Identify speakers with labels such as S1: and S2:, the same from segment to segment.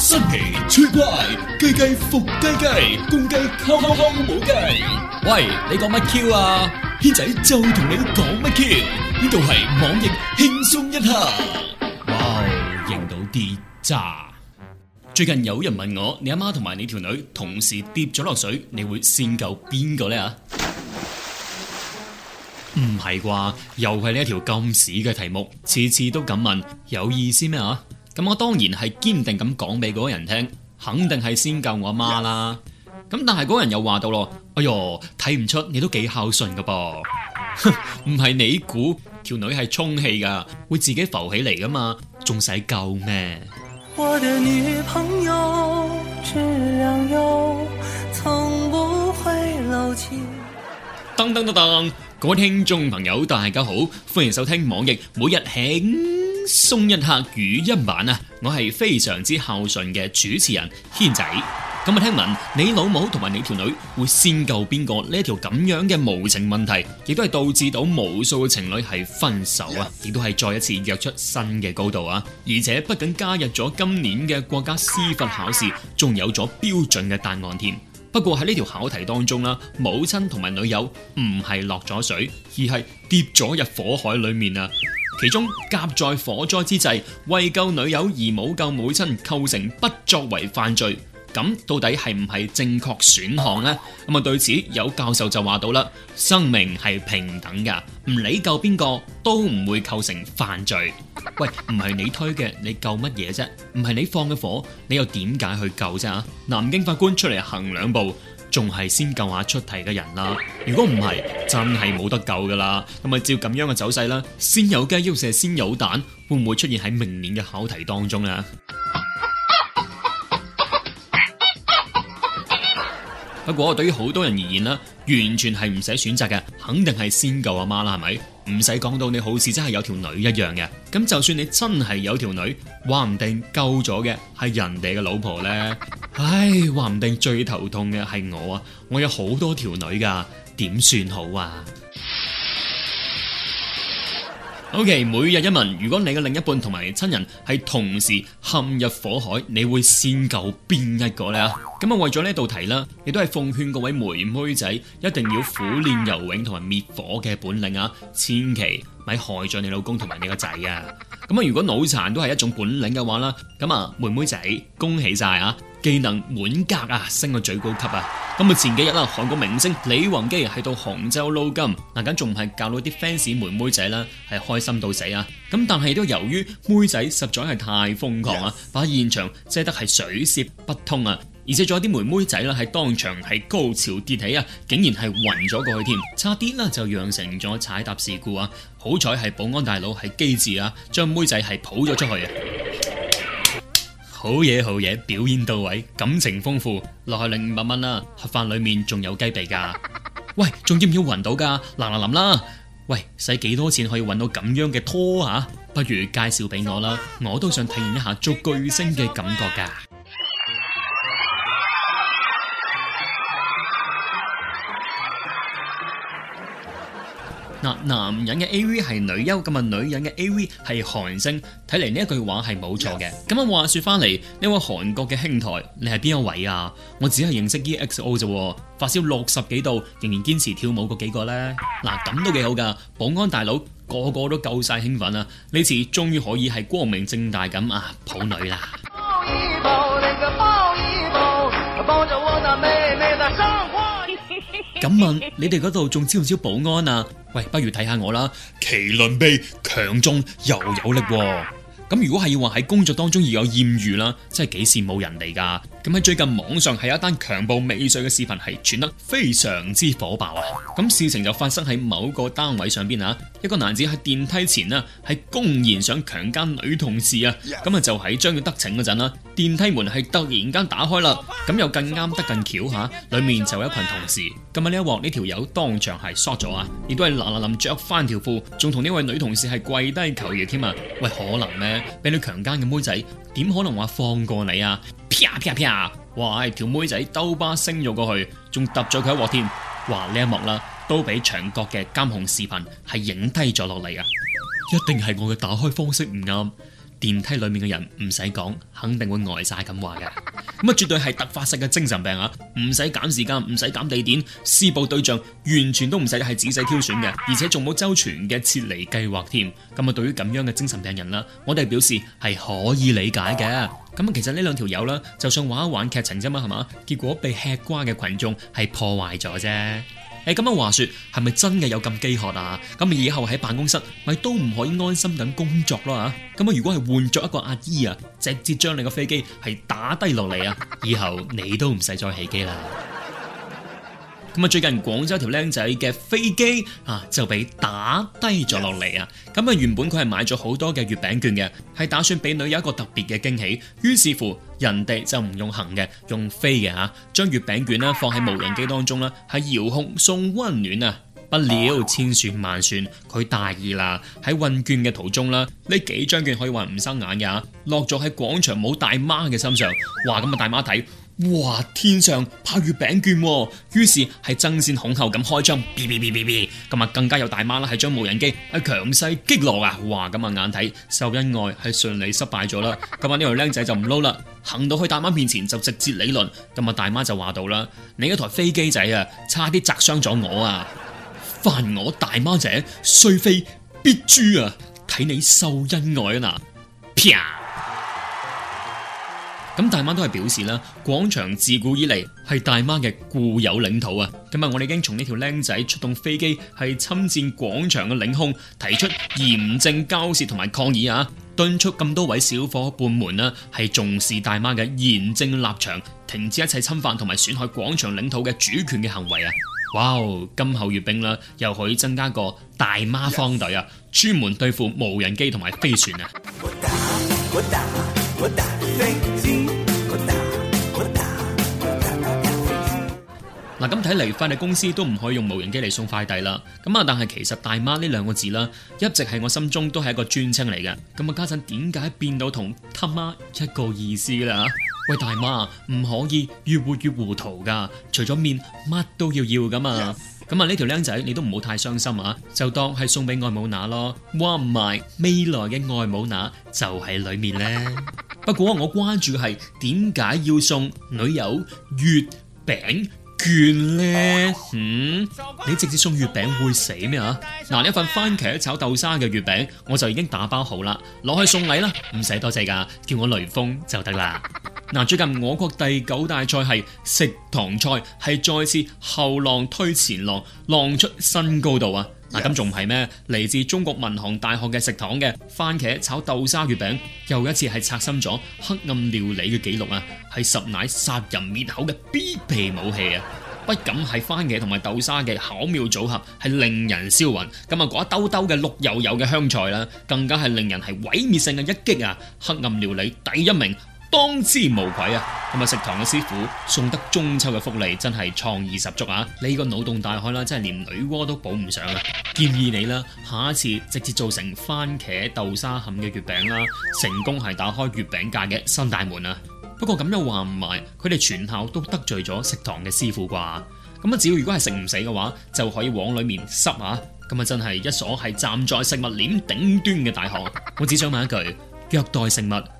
S1: 新奇出怪，雞雞伏雞雞，公雞敲敲敲冇雞。雞雞雞雞雞喂，你講乜 Q 啊？軒仔就同你講乜 Q？呢度係網易輕鬆一刻。哇，wow，認到啲渣。最近有人問我，你阿媽同埋你條女同時跌咗落水，你會先救邊個咧啊？唔係啩？又係呢一條咁屎嘅題目，次次都咁問，有意思咩啊？咁、嗯、我當然係堅定咁講俾嗰個人聽，肯定係先救我阿媽啦。咁但係嗰個人又話到咯，哎喲睇唔出你都幾孝順噶噃，唔係你估條女係充氣噶，會自己浮起嚟噶嘛，仲使救咩？
S2: 我的女朋友質量好，從不會漏氣。
S1: 登登登登，各位聽眾朋友，登登登登朋友大家好，歡迎收聽網易每日聽。鬆一下粵語版啊！我係非常之孝順嘅主持人軒仔。咁啊，聽聞你老母同埋你條女會先救邊個呢？一條咁樣嘅無情問題，亦都係導致到無數嘅情侶係分手啊！亦都係再一次躍出新嘅高度啊！而且不僅加入咗今年嘅國家司法考試，仲有咗標準嘅答案添。不過喺呢條考題當中啦，母親同埋女友唔係落咗水，而係跌咗入火海裏面啊！其中甲在火災之際，為救女友而冇救母親，構成不作為犯罪。咁到底係唔係正確選項呢？咁啊，對此有教授就話到啦：生命係平等噶，唔理救邊個都唔會構成犯罪。喂，唔係你推嘅，你救乜嘢啫？唔係你放嘅火，你又點解去救啫？吓，南京法官出嚟行兩步。仲係先救下出題嘅人啦，如果唔係，真係冇得救噶啦。咁啊，照咁樣嘅走勢啦，先有雞，抑或先有蛋，會唔會出現喺明年嘅考題當中呢？ 不過對於好多人而言啦，完全係唔使選擇嘅，肯定係先救阿媽啦，係咪？唔使講到你好似真係有條女一樣嘅，咁就算你真係有條女，話唔定救咗嘅係人哋嘅老婆呢。唉，話唔定最頭痛嘅係我啊，我有好多條女噶，點算好啊？好嘅，okay, 每日一問，如果你嘅另一半同埋親人係同時陷入火海，你會先救邊一個呢？咁、嗯、啊，為咗呢道題啦，亦都係奉勸各位妹妹仔一定要苦練游泳同埋滅火嘅本領啊！千祈咪害咗你老公同埋你個仔啊！咁、嗯、啊，如果腦殘都係一種本領嘅話啦，咁、嗯、啊，妹妹仔恭喜晒啊！技能滿格啊，升到最高級啊！咁啊，前幾日啦、啊，韓國明星李宏基係到杭州撈金，嗱緊仲係教到啲 fans 妹妹仔啦，係開心到死啊！咁但係都由於妹仔實在係太瘋狂啊，把現場遮得係水泄不通啊！而且仲有啲妹妹仔呢，係當場係高潮跌起啊，竟然係暈咗過去添，差啲呢就釀成咗踩踏，踏事故啊！好彩係保安大佬係機智啊，將妹仔係抱咗出去。好嘢好嘢，表演到位，感情豐富，落去零五百蚊啦！盒飯裏面仲有雞髀噶，喂，仲要唔要揾到噶？嗱嗱，諗啦，喂，使幾多錢可以揾到咁樣嘅拖吓、啊？不如介紹俾我啦，我都想體驗一下做巨星嘅感覺噶。嗱，男人嘅 AV 係女優，咁啊女人嘅 AV 係韓星，睇嚟呢一句話係冇錯嘅。咁啊，話說翻嚟，呢位韓國嘅兄台，你係邊一位啊？我只係認識 EXO 咋，發燒六十幾度仍然堅持跳舞嗰幾個呢。嗱 Yeah.、啊，咁都幾好噶，保安大佬個個都夠晒興奮啊！呢次終於可以係光明正大咁啊，抱女啦！咁問你哋嗰度仲招唔招保安啊？喂，不如睇下我啦，麒麟臂，強壯又有力喎。咁如果係要話喺工作當中要有艷遇啦，真係幾羨慕人哋噶。咁喺最近網上係有一單強暴未遂嘅視頻係傳得非常之火爆啊！咁事情就發生喺某個單位上邊啊，一個男子喺電梯前啊係公然想強姦女同事啊，咁啊 Yes! 就喺將要得逞嗰陣啦，電梯門係突然間打開啦，咁又更啱得更巧吓、啊，裏面就有一群同事，咁啊呢一鑊呢條友當場係縮咗啊，亦都係嗱嗱臨着翻條褲，仲同呢位女同事係跪低求饒添啊！喂，可能呢、啊，俾你強姦嘅妹仔？點可能話放過你啊？啪啪啪！哇，條妹仔兜巴升咗過去，仲揼咗佢一鑊添。哇，呢一幕啦，都俾牆角嘅監控視頻係影低咗落嚟啊！一定係我嘅打開方式唔啱。電梯裏面嘅人唔使講，肯定會呆晒咁話嘅，咁啊絕對係突發性嘅精神病啊！唔使減時間，唔使減地點，施暴對象完全都唔使係仔細挑選嘅，而且仲冇周全嘅撤離計劃添。咁啊，對於咁樣嘅精神病人啦、啊，我哋表示係可以理解嘅。咁其實兩呢兩條友啦，就算玩一玩劇情啫嘛，係嘛，結果被吃瓜嘅群眾係破壞咗啫。誒，咁樣話說，係咪真嘅有咁飢渴啊？咁你以後喺辦公室咪都唔可以安心咁工作咯吓啊。咁樣如果係換作一個阿姨啊，直接將你個飛機係打低落嚟啊，以後你都唔使再起機啦。咁啊！最近廣州條僆仔嘅飛機啊，就被打低咗落嚟啊！咁啊，原本佢係買咗好多嘅月餅券嘅，係打算俾女友一個特別嘅驚喜。於是乎，人哋就唔用行嘅，用飛嘅嚇，將、啊、月餅券咧放喺無人機當中咧，係遙控送溫暖啊！不料千算萬算，佢大意啦，喺運券嘅途中啦，呢幾張券可以話唔生眼嘅，落咗喺廣場舞大媽嘅身上。哇！咁啊，大媽睇。哇！天上派月餅券，哦，於是係爭先恐後咁開槍，嗶嗶嗶嗶嗶，咁啊更加有大媽啦，係將無人機係強勢擊落啊！哇！咁啊眼睇秀恩愛係順利失敗咗啦，咁啊呢條僆仔就唔撈啦，行到去大媽面前就直接理論，咁啊大媽就話到啦：你一台飛機仔啊，差啲砸傷咗我啊！犯我大媽者，雖飛必誅啊！睇你秀恩愛啊嗱，啪！咁大媽都係表示啦，廣場自古以嚟係大媽嘅固有領土啊！今日我哋已經從呢條僆仔出動飛機係侵占廣場嘅領空，提出嚴正交涉同埋抗議啊！敦促咁多位小伙伴們啊，係重視大媽嘅嚴正立場，停止一切侵犯同埋損害廣場領土嘅主權嘅行為啊！哇，今後閱兵啦、啊，又可以增加個大媽方隊啊，專門對付無人機同埋飛船啊！嗱咁睇嚟，快遞公司都唔可以用無人機嚟送快遞啦。咁啊，但係其實大媽呢兩個字啦，一直係我心中都係一個尊稱嚟嘅。咁啊，家陣點解變到同他媽一個意思啦？喂，大媽唔可以越活越糊塗噶，除咗面乜都要要噶嘛。咁啊 Yes.，呢條僆仔你都唔好太傷心啊，就當係送俾外母乸咯。話唔埋，未來嘅外母乸就喺裏面咧。 不過我關注嘅係點解要送女友月餅券呢？嗯，你直接送月餅會死咩啊？嗱、嗯，一份番茄炒豆沙嘅月餅我就已經打包好啦，攞去送禮啦，唔使多謝噶，叫我雷鋒就得啦。嗱， 最近我國第九大菜系食堂菜系再次後浪推前浪，浪出新高度啊！嗱，咁仲唔係咩？嚟自中國民航大學嘅食堂嘅番茄炒豆沙月餅，又一次係刷新咗黑暗料理嘅紀錄啊！係實乃殺人滅口嘅必備武器啊！不僅係番茄同埋豆沙嘅巧妙組合，係令人銷魂，咁啊嗰一兜兜嘅綠油油嘅香菜啦，更加係令人係毀滅性嘅一擊啊！黑暗料理第一名。當之無愧啊！咁啊，食堂嘅師傅送得中秋嘅福利真係創意十足啊！你個腦洞大開啦，真係連女媧都補唔上啊！建議你啦，下一次直接做成番茄豆沙餡嘅月餅啦，啊，成功係打開月餅界嘅新大門啊！不過咁又話唔埋，佢哋全校都得罪咗食堂嘅師傅啩？咁啊，只要如果係食唔死嘅話，就可以往裏面塞啊！咁啊，真係一所係站在食物鏈頂端嘅大學。我只想問一句：虐待食物。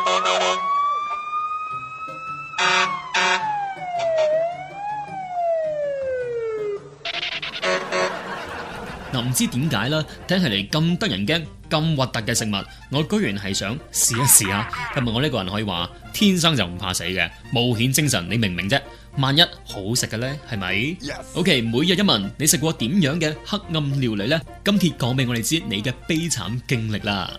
S1: 唔知點解啦，聽起嚟咁得人驚、咁核突嘅食物，我居然係想試一試啊！係咪我呢個人可以話天生就唔怕死嘅冒險精神？你明唔明啫？萬一好食嘅呢，係咪 Yes.？OK，每日一問，你食過點樣嘅黑暗料理呢？今天講俾我哋知你嘅悲慘經歷啦。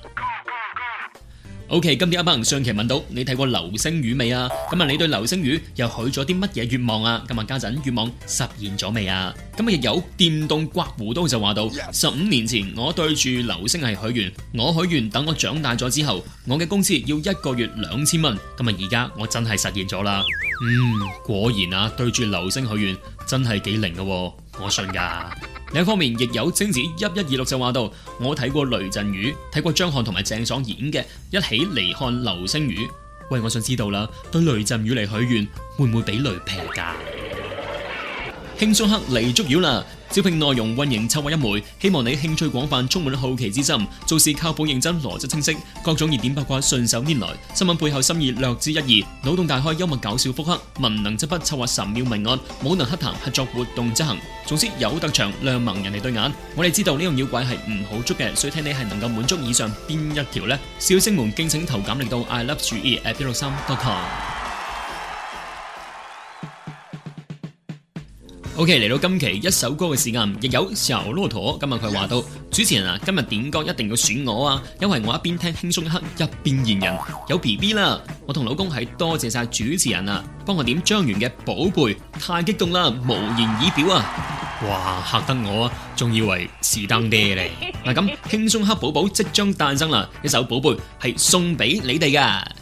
S1: O.K.，今日阿鵬上期問到你睇過流星雨未啊？咁啊，你對流星雨又許咗啲乜嘢願望啊？咁啊，家陣願望實現咗未啊？咁啊，亦有電動刮胡刀就話到，十五年前我對住流星係許願，我許願等我長大咗之後，我嘅工資要一個月兩千蚊。咁啊，而家我真係實現咗啦。嗯，果然啊，對住流星許願。真係幾靈嘅，我信噶。另一方面，亦有貞子一一二六就話到：「我睇過《雷陣雨》，睇過張翰同埋鄭爽演嘅《一起嚟看流星雨》。喂，我想知道啦，對《雷陣雨》嚟許願，會唔會俾雷劈噶？輕鬆黑嚟捉妖啦！招聘內容運營策劃一枚，希望你興趣廣泛，充滿好奇之心，做事靠譜認真，邏輯清晰，各種熱點八卦順手拈來，新聞背後心意略知一二，腦洞大開，幽默搞笑，腹黑，文能執筆策劃神妙文案，武能黑談合作活動執行，總之有特長亮盲人哋對眼。我哋知道呢個妖怪係唔好捉嘅，所以睇你係能夠滿足以上邊一條呢？小星們敬請投簡歷到 ilove@163.com。O.K. 嚟到今期一首歌嘅時間，亦有小駱駝。今日佢話到 Yes. 主持人啊，今日點歌一定要選我啊，因為我一邊聽輕鬆黑一邊現人有 B.B. 啦。我同老公係多謝晒主持人啊，幫我點張元嘅寶貝，太激動啦，無言以表啊！哇，嚇得我，啊，仲以為是當爹嚟！嗱、 啊，咁輕鬆黑寶寶即將誕生啦，一首寶貝係送俾你哋噶。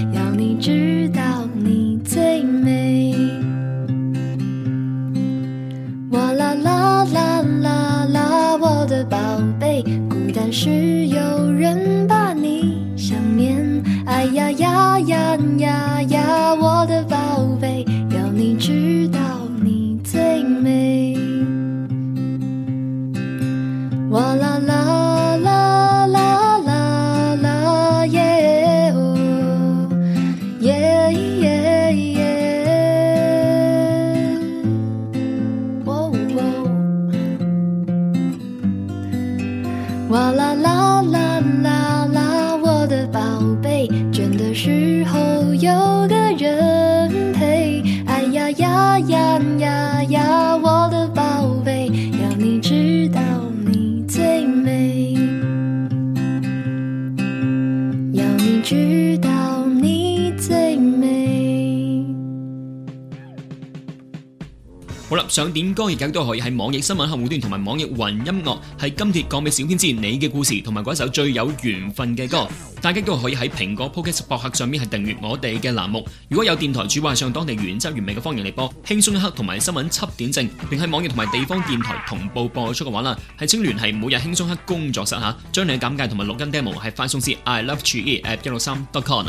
S1: 想點歌，亦都都可以喺網易新聞客戶端同埋網易雲音樂。係今次講俾小編知你嘅故事，同埋嗰首最有緣分嘅歌。大家都可以喺蘋果 Podcast 博客上面係訂閱我哋嘅欄目。如果有電台主播上當地原汁原味嘅方言嚟播，輕鬆一刻同埋新聞七點正，並喺網易同埋地方電台同步播出嘅話啦，係請聯繫每日輕鬆一刻工作室嚇，將你嘅簡介同埋錄音 demo 係發送至 I Love GE at 一六三 dot com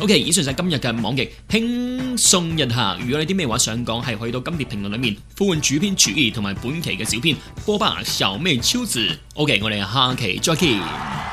S1: OK，以上就係今日嘅網易輕鬆日下。如果你啲咩話想講，係去到今期評論裏面呼喚主編主義同埋本期嘅小編波巴小咩超子。OK，我哋下期再見。